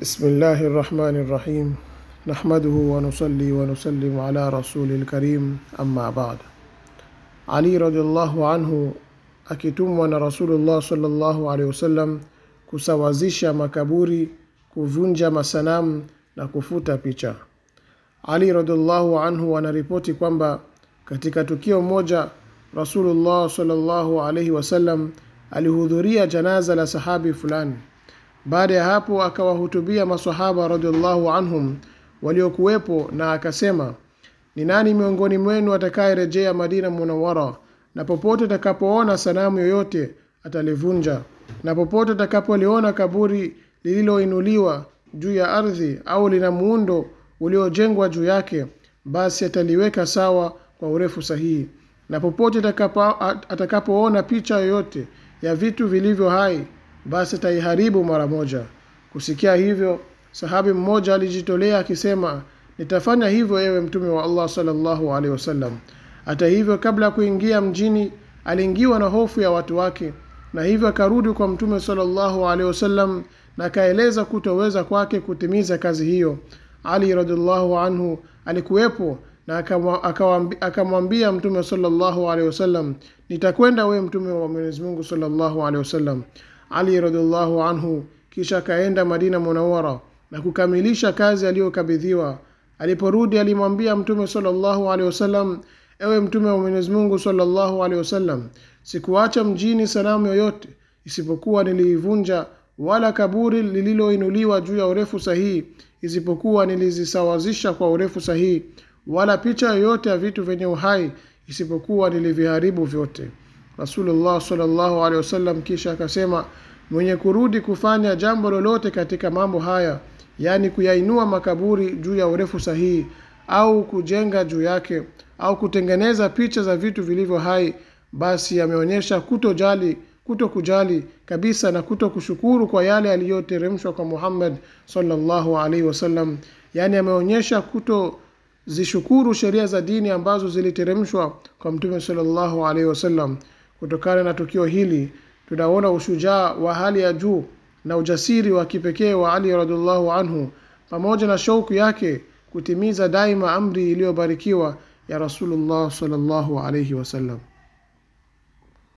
بسم rahmani rahim الرحيم نحمده ونصلي ونسلم rasuli lkarim الكريم أما بعد علي رضي akitumwa na rasulullah salllahu alehi wasallam kusawazisha makaburi kuvunja masanamu na kufuta picha ali radiallahu anhu anaripoti kwamba katika tukio moja rasulullah salllahu alaihi wasallam alihudhuria janaza la sahabi fulani baada ya hapo akawahutubia maswahaba radiallahu anhum waliokuwepo na akasema ni nani miongoni mwenu atakayerejea madina munawara na popote atakapoona sanamu yoyote atalivunja na popote atakapoliona kaburi lililoinuliwa juu ya ardhi au lina muundo uliojengwa juu yake basi ataliweka sawa kwa urefu sahihi na popote atakapoona picha yoyote ya vitu vilivyo hai basi taiharibu mara moja kusikia hivyo sahabi mmoja alijitolea akisema nitafanya hivyo ewe mtume wa allah salllahu alehi wasallam hata hivyo kabla ya kuingia mjini aliingiwa na hofu ya watu wake na hivyo akarudi kwa mtume salllahu alehi wasallam na akaeleza kutoweza kwake kutimiza kazi hiyo ali radiallahu anhu alikuwepo na akamwambia mtume salllahu alehi wasallam nitakwenda wewe mtume wa mwenyezi mungu salllahu alehi wasallam ali radhiallahu anhu, kisha akaenda Madina Munawara na kukamilisha kazi aliyokabidhiwa. Aliporudi alimwambia Mtume sallallahu alaihi wasallam, ewe Mtume wa Mwenyezi Mungu sallallahu alaihi wasallam, sikuacha mjini sanamu yoyote isipokuwa niliivunja, wala kaburi lililoinuliwa juu ya urefu sahihi isipokuwa nilizisawazisha kwa urefu sahihi, wala picha yoyote ya vitu vyenye uhai isipokuwa niliviharibu vyote. Rasulullah sallallahu alaihi wasallam, kisha akasema, mwenye kurudi kufanya jambo lolote katika mambo haya, yaani kuyainua makaburi juu ya urefu sahihi au kujenga juu yake au kutengeneza picha za vitu vilivyo hai, basi ameonyesha kutojali kuto kujali kabisa na kuto kushukuru kwa yale aliyoteremshwa kwa Muhammad sallallahu alaihi wasallam. Yaani ameonyesha kutozishukuru sheria za dini ambazo ziliteremshwa kwa Mtume sallallahu alaihi wasallam. Kutokana na tukio hili tunaona ushujaa wa hali ya juu na ujasiri wa kipekee wa Ali radhiallahu anhu pamoja na shauku yake kutimiza daima amri iliyobarikiwa ya Rasulullah sallallahu alayhi wasallam.